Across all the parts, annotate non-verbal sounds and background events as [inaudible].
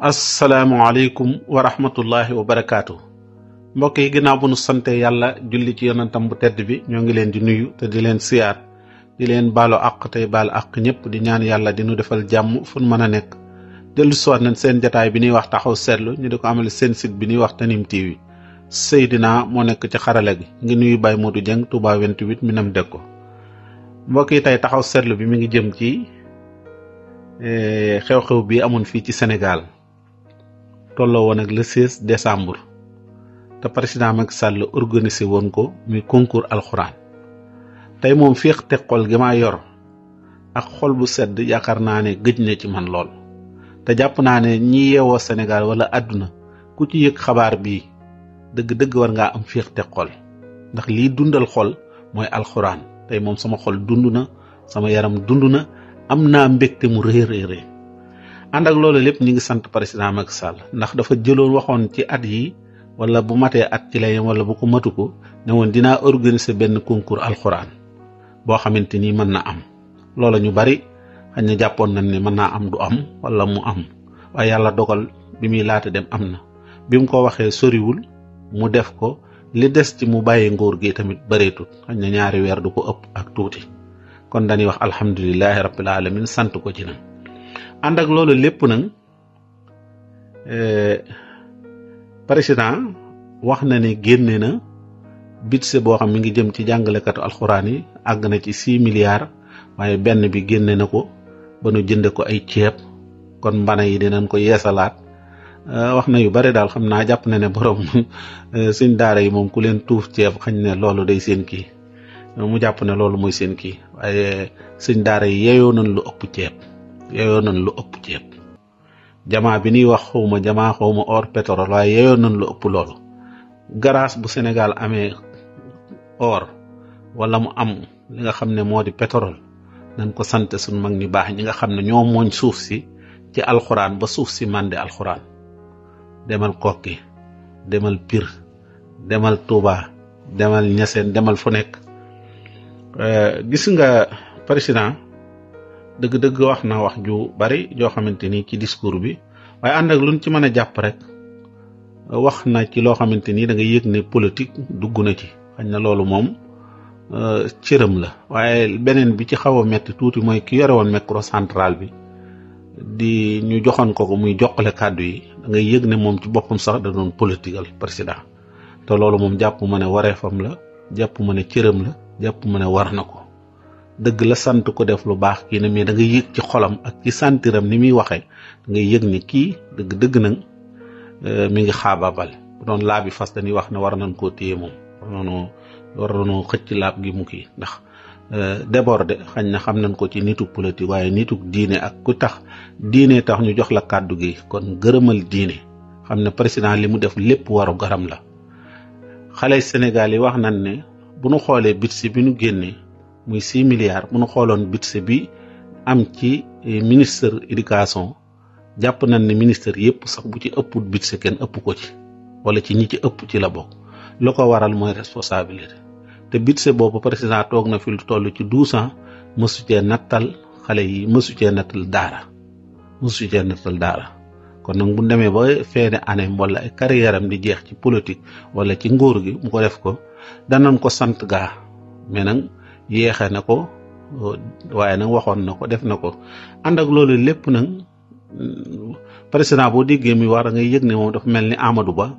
asalaamualeykum wa rahmatullahi wa barakaatu mbokk yi ginnaaw bu nu sante yàlla julli ci yonantam bu tedd bi ñoo ngi leen di nuyu te di leen siyaar di leen baalu àq tey baalo àq ñëpp di ñaan yàlla di nu defal jàmm fu nu mën a nekk dellu siwaat nañ seen jataay bi ñuy wax taxaw seetlu ñu di ko amale seen sit bi ñuy wax Tanime TV Seydina moo nekk ci xarala gi ngi nuyu Baye Modou Dieng Touba 28 Minam dégg ko mbokk yi tey taxaw seetlu bi mu ngi jëm ci eh, xew-xew bi amoon fii ci Sénégal tolloo woon ak le 16 décembre te président Macky Sall organisé woon ko muy concours alxuraan tey moom féex te xol gi maa yor ak xol bu sedd yaakaar naa ne gëj na ci man lool te jàpp naa ne ñi yeewoo Sénégal wala àdduna ku ci yëg xabaar bi dëgg-dëgg war ngaa am féex te xol ndax lii dundal xol mooy alxuraan tey moom sama xol dund na sama yaram dund na am naa mbégte mu réeréeré ànd ak loolu lépp ñu ngi sant président Macky Sall ndax dafa jëloon waxoon ci at yi wala bu matee at ci lay wala bu ko matu ko ne woon dinaa organiser benn concours alxuraan boo xamante ni mën na am loola ñu bari xañ na jàppoon nañ ne mën naa am du am wala mu am waaye yàlla dogal bi muy laata dem am na bi mu ko waxee soriwul mu def ko li des ci mu bàyyi nguur gi tamit bëreetut xañ na ñaari weer du ko ëpp ak tuuti kon dañuy wax alhamdulilahi rabbil alamin sant ko ci nag ànd loolu lépp nag euh, président wax na ne génne na budget boo xam mi ngi jëm ci jàngalekatu alxuraan yi àgg na ci six milliards waaye benn bi génne na ko ba nu jënde ko ay ceeb kon mbana yi dinañ ko yeesalaat euh, wax na yu bari daal xam naa jàpp na ne borom euh, suñ daara yi moom ku leen tuuf ceeb xañ ne loolu day seen kii mu jàpp ne loolu mooy seen kii waaye suñ daara yi yeyoo nañ lu ëpp ceeb yeyoon lu ëpp ceeb jamaa bi ñuy wax xawma jamaa xawma or pétrole waaye yeyoon nañ lu ëpp loolu grâce bu Sénégal amee or walla mu am li nga xam ne moo di pétrole nañ ko sant suñ mag ñu baax ñi nga xam ne ñoo mooñ suuf si ci alxuraan ba suuf si màndi alxuraan demal kokki demal piir demal tuuba demal ñaseen demal fu nekk euh, gis nga président dëgg-dëgg wax na wax ju bari joo xamante ni ci discours bi waaye ànd ak luñ ci mën a jàpp rek wax na ci loo xamante ni da nga yëg ne politique dugg na ci xañ na loolu moom euh, cëram la waaye beneen bi ci xaw a metti tuuti mooy ki yore woon micro centrale bi di ñu joxoon ko ko muy joxale kàddu yi da ngay yëg ne moom ci boppam sax da doon politique al te loolu moom jàpp ma ne wareefam la jàpp ma ne cëram la jàpp ma ne war na ko dëgg la sant ko def lu baax kii na mais da yëg ci xolam ak ci santiram ni muy waxee da ngay yëg ni kii dëgg dëgg nag euh, mi ngi xaabaabal bu doon laabi fas dañuy wax na war nañ koo téye moom war nañoo war nañoo laab gi mu kii ndax euh, déborde xañ na xam nañ ko ci nituk politique waaye nituk diine ak ku tax diine tax ñu jox la kàddu gi kon gërëmal diine xam na président li mu def lépp waru garam la xale Sénégal yi wax nañ ne bu nu xoolee bit bi nu génnee muy six milliards bu nu xooloon budget bi am ci eh, ministre éducation jàpp nañ ne ministère yëpp sax bu ci ëpput budget kenn ëpp ko ci wala ci ñi ci ëpp ci la bokk la ko waral mooy responsabilité te budget boobu président toog na fi lu toll ci douze ans mësu cee nattal xale yi mësu cee nattal daara mësu cee nattal kon nag bu demee ba feene année wala ay carrière di jeex ci politique wala ci nguur gi mu ko def ko danañ ko sant gaa mais yéexe na ko waaye nag waxoon na ko def na ko ànd ak loolu lépp nag président boo déggee mi war a ngay yëg ne moom dafa mel ni amadu Ba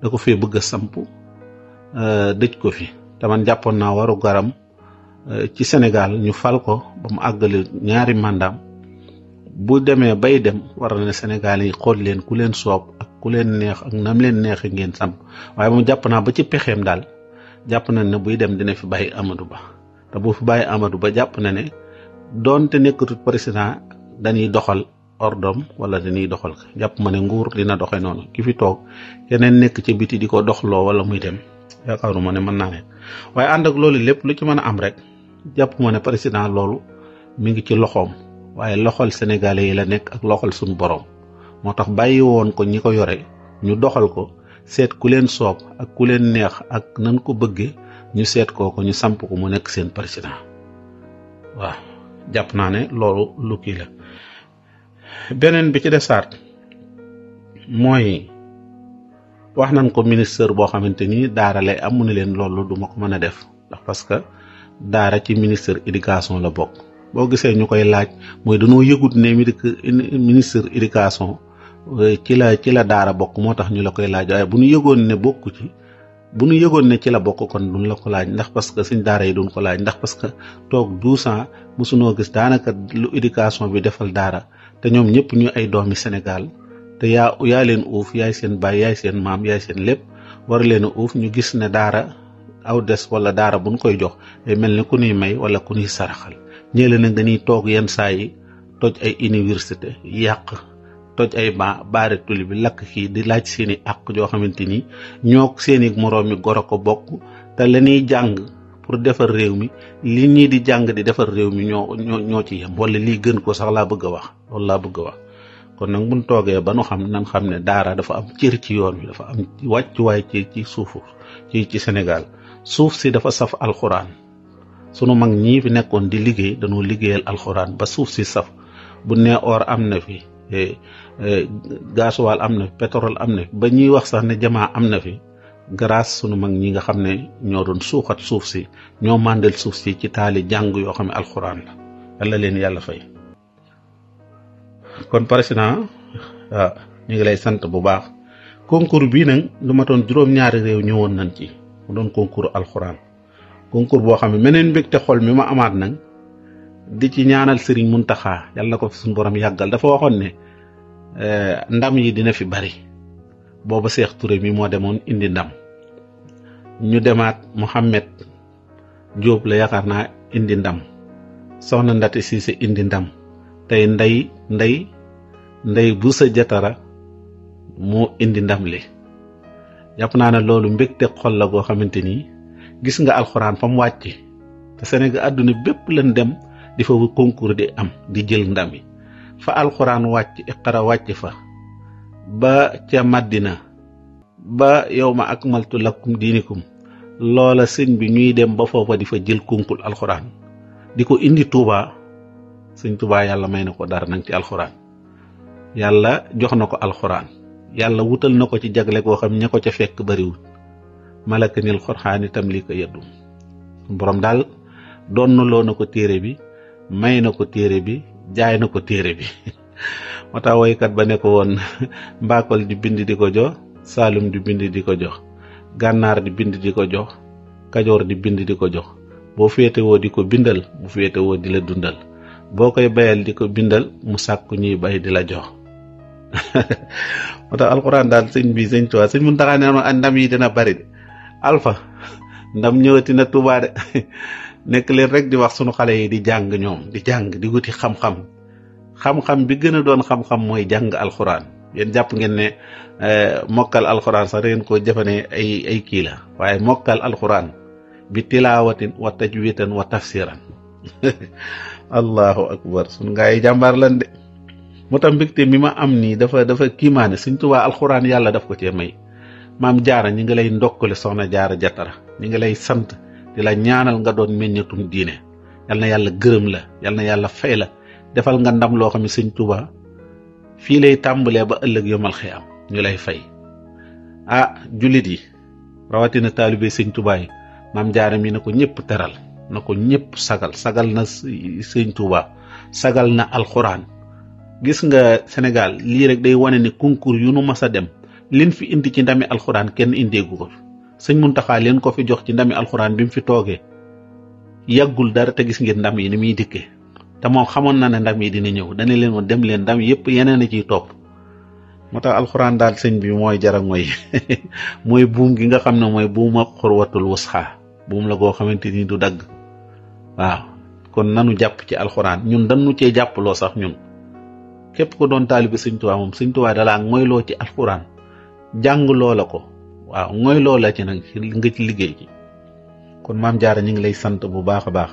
da ko fee bëgg a samp euh, dëj ko fi te jàppoon naa waru garam euh, ci senegal ñu fal ko ba mu àggale ñaari mandam bu demee bay dem war na senegal yi xool leen ku leen soob ak ku leen neex ak nam leen neex ngeen samp waaye mu jàpp naa ba ci pexeem daal jàpp nañ ne buy dem dina fi bàyyi Amadou Ba bu fi bàyyi Amadou Ba jàpp na ne doonte nekkatul président dañuy doxal ordom wala dañuy doxal ko jàpp ma ne nguur dina doxe noonu ki fi toog keneen nekk ci biti di ko doxloo wala muy dem yaakaaruma ne mën naa waaye ànd ak loolu lépp lu ci mën a am rek jàpp ma ne président loolu mu ngi ci loxoom waaye loxol sénégalais yi la nekk ak loxol suñu borom moo tax bàyyi woon ko ñi ko yore ñu doxal ko seet ku leen soob ak ku leen neex ak nan ko bëggee ñu seet kooku ñu samp ko mu nekk seen président waaw jàpp naa ne loolu lu kii la beneen bi ci desaat mooy wax nañ ko ministre boo xamante ni daara lay am mu ne leen loolu duma ko mën a def ndax parce que daara ci ministre éducation la bokk boo gisee ñu koy laaj mooy danoo yëgut ne ministre éducation ci la ci la daara bokk moo tax ñu la koy laaj waaye bu ñu yëgoon ne bokku ci bu nu yëgoon ne ci la bokk kon duñ la ko laaj ndax parce que suñ daara yi duñ ko laaj ndax parce que toog douze ans mosunoo gis daanaka lu éducation bi defal daara te ñoom ñëpp ñu ay doomi Sénégal te yaa yaa leen uuf yaay seen baay yaay seen maam yaay seen lépp war leen uuf ñu gis ne daara aw des wala daara buñ koy jox ay mel ni ku ñuy may wala ku ñuy saraxal ñële nag dañuy toog yenn saa yi toj ay université yàq toj ay ba baare tuli bi lakk kii di laaj seeni i àq joo xamante ni ñoo seen i moroom mi goro ko bokk te la ñuy jàng pour defar réew mi li ñii di jàng di defar réew mi ñoo ñoo ci yem wala lii gën ko sax laa bëgg a wax loolu laa bëgg a wax kon nag buñ toogee ba nu xam nan xam ne daara dafa am cër ci yoon wi dafa am wàccuwaay ci ci suufu ci ci senegal suuf si dafa saf alxuraan sunu mag ñii fi nekkoon di liggéey dañoo liggéeyal alxuraan ba suuf si saf Eh, eh, gasoil am na fi pétrole am na fi ba ñuy wax sax ne jamaa am na fi grâce sunu mag ñi nga xam ne ñoo doon suuxat suuf si ñoo màndal suuf si ci taali jàng yoo xam ne alxuraan la yàlla leen yàlla fay kon président ah, ñu ngi lay sant bu baax concours bii nag lu ma doon juróom-ñaari réew ñëwoon nañ ci mu doon concours alxuraan concours boo xam ne meneen te xol mi ma amaat nag di ci ñaanal sëriñ Muntaxa yàlla na ko fi suñu borom yàggal dafa waxoon ne eh, ndam yi dina fi bari booba Seex Ture mi moo demoon indi ndam ñu demaat Mohammed Jóob la yaakaar naa indi ndam soxna Ndate Siise indi ndam tey ndey ndey ndey bu sa jatara mu indi ndam li jàpp naa ne loolu te xol la goo xamante ni gis nga alxuraan fa mu wàcc te Sénégal àdduna bépp lañ dem di fa concours di am di jël ndam yi fa alxuraan wàcc iqara wàcc fa ba ca màddina ba yow ma ak akmaltu lakum diinikum loola sëñ bi ñuy dem ba foofa di fa jël concours alxuraan di ko indi Touba sëñ Touba yàlla may na ko dara nag ci alxuraan yàlla jox na ko alxuraan yàlla wutal na ko ci jagle goo xam ña ko ca fekk bariwul malaka nil xorxaan itam lii ko yëddu borom daal doon na ko téere bi may na ko téere bi jaay na ko téere bi [laughs] moo tax woykat ba ne ko woon [laughs] mbaakol di bind di ko jox saalum di bind di ko jox gànnaar di bind di ko jox kajoor di bind di ko jox boo féetewoo di ko bindal bu féetewoo di la dundal boo koy bayal di ko bindal mu sàkk ñuy bay di la jox [laughs] moo tax alxuraan daal sëñ bi sëñ Tuubaa sëñ Muntaxaa ne ma ndam yi dina bari de alpha ndam ñëwati na Tuubaa de nekk leen rek di wax sunu xale yi di jàng ñoom di jàng di wuti xam-xam xam-xam bi gën a doon xam-xam mooy jàng alxuraan yéen jàpp ngeen ne eh, mokkal alxuraan sax koo jëfane ay ay kii la waaye mokkal alxuraan bi tilaawatin wa tajwidan wa tafsiran [laughs] allahu akbar sunu ngaa yi de moo tax mbégte mi ma am nii dafa dafa kiimaane Sëñ Tuubaa alxuraan yàlla daf ko cee may maam jaara ñu ngi lay ndokkale soxna jaara jatara ñi ngi lay sant di la ñaanal nga doon meññatum diine yal na yàlla gërëm la yal na yàlla fay la defal nga ndam loo xam ne sëñ Tuuba fii lay tàmbalee ba ëllëg yomal xiyaam ñu lay fay ah jullit yi rawatina taalibe sëñ Tuuba yi maam jaare mi na ko ñëpp teral na ko ñëpp sagal sagal na sëñ Tuuba sagal na alxuraan gis nga Sénégal lii rek day wane ne concours yu nu mas a dem liñ fi indi ci ndami alxuraan kenn indeegu ko sëñ mun taxaal leen ko fi jox ci ndami alxuraan bi mu fi toogee yàggul dara te gis ngeen ndam yi ni muy dikkee te moom xamoon na ne ndam yi dina ñëw dana leen woon dem leen ndam yëpp yeneen a ciy topp moo tax alxuraan sëñ bi mooy jara [laughs] mooy buum gi nga xam ne mooy buuma xurwatul wusxa buum la goo xamante ni du dagg waaw kon nanu jàpp ci alxuraan ñun dañu cee jàppaloo sax ñun képp ko doon taalibi sëñ Tuubaa moom sëñ Tuubaa dalaa mooy ci alxuraan jàng loo la ko waaw mooy loolu loola ci nag nga ci liggéey ci kon maam jaara ñu ngi lay sant bu baax a baax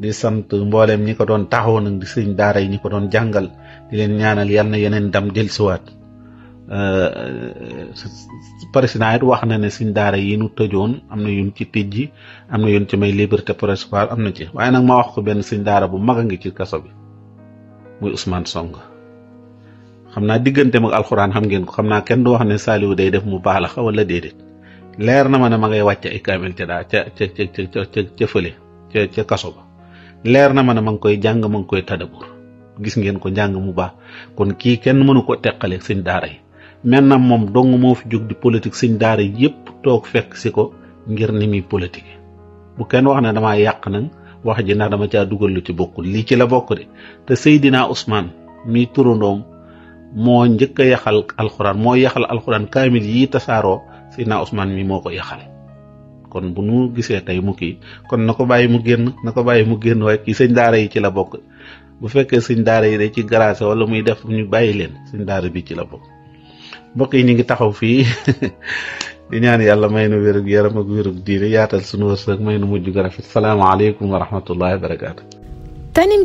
di sant mbooleem ñi ko doon taxaw nag di sëñ daara yi ñi ko doon jàngal di leen ñaanal yal na yeneen ndam dellusiwaat euh, président it wax na ne sëñ daara yi nu tëjoon am na yun ci tëj ji am na yun ci may liberté provisoire am na ci waaye nag ma wax ko benn sëñ daara bu mag a ngi ci kaso bi muy Ousmane Sonko xam naa diggante ak alxuraan xam ngeen ko xam naa kenn du wax ne Saliou day def mu baalax wala déedéet leer na ma ne ma ngay wàcc ay kaamil ca daa ca ca ca ca ca fële ca ca kaso ba leer na ma ne ma ngi koy jàng ma ngi koy tadabur gis ngeen ko njàng mu baax kon kii kenn mënu ko teqaleeg sëñ daara yi maintenant moom dong moo fi jóg di politique sëñ daara yépp toog fekk si ko ngir ni muy politique bu kenn wax ne dama yàq nag wax ji ndax dama caa dugal lu ci bokkul lii ci la bokk de te Seydina Ousmane mi turandoom moo njëkk a yaxal alxuraan moo yaxal alxuraan kaamil yi tasaaroo Seydina Ousmane mi moo ko yaxale kon bu nu gisee tey mu kon na ko bàyyi mu génn na ko bàyyi mu génn waaye kii sëñ daara yi ci la bokk bu fekkee sëñ daara yi day ci garaase wala muy def ñu bàyyi leen sëñ daara bi ci la bokk mbokk yi ñu ngi taxaw fii [laughs] di ñaan yàlla may nu wérug yaram ak wérug diine yaatal sunu wërsëg may nu mujj ga rafet salaamaaleykum wa rahmatullahi wa barakaatu. Tanim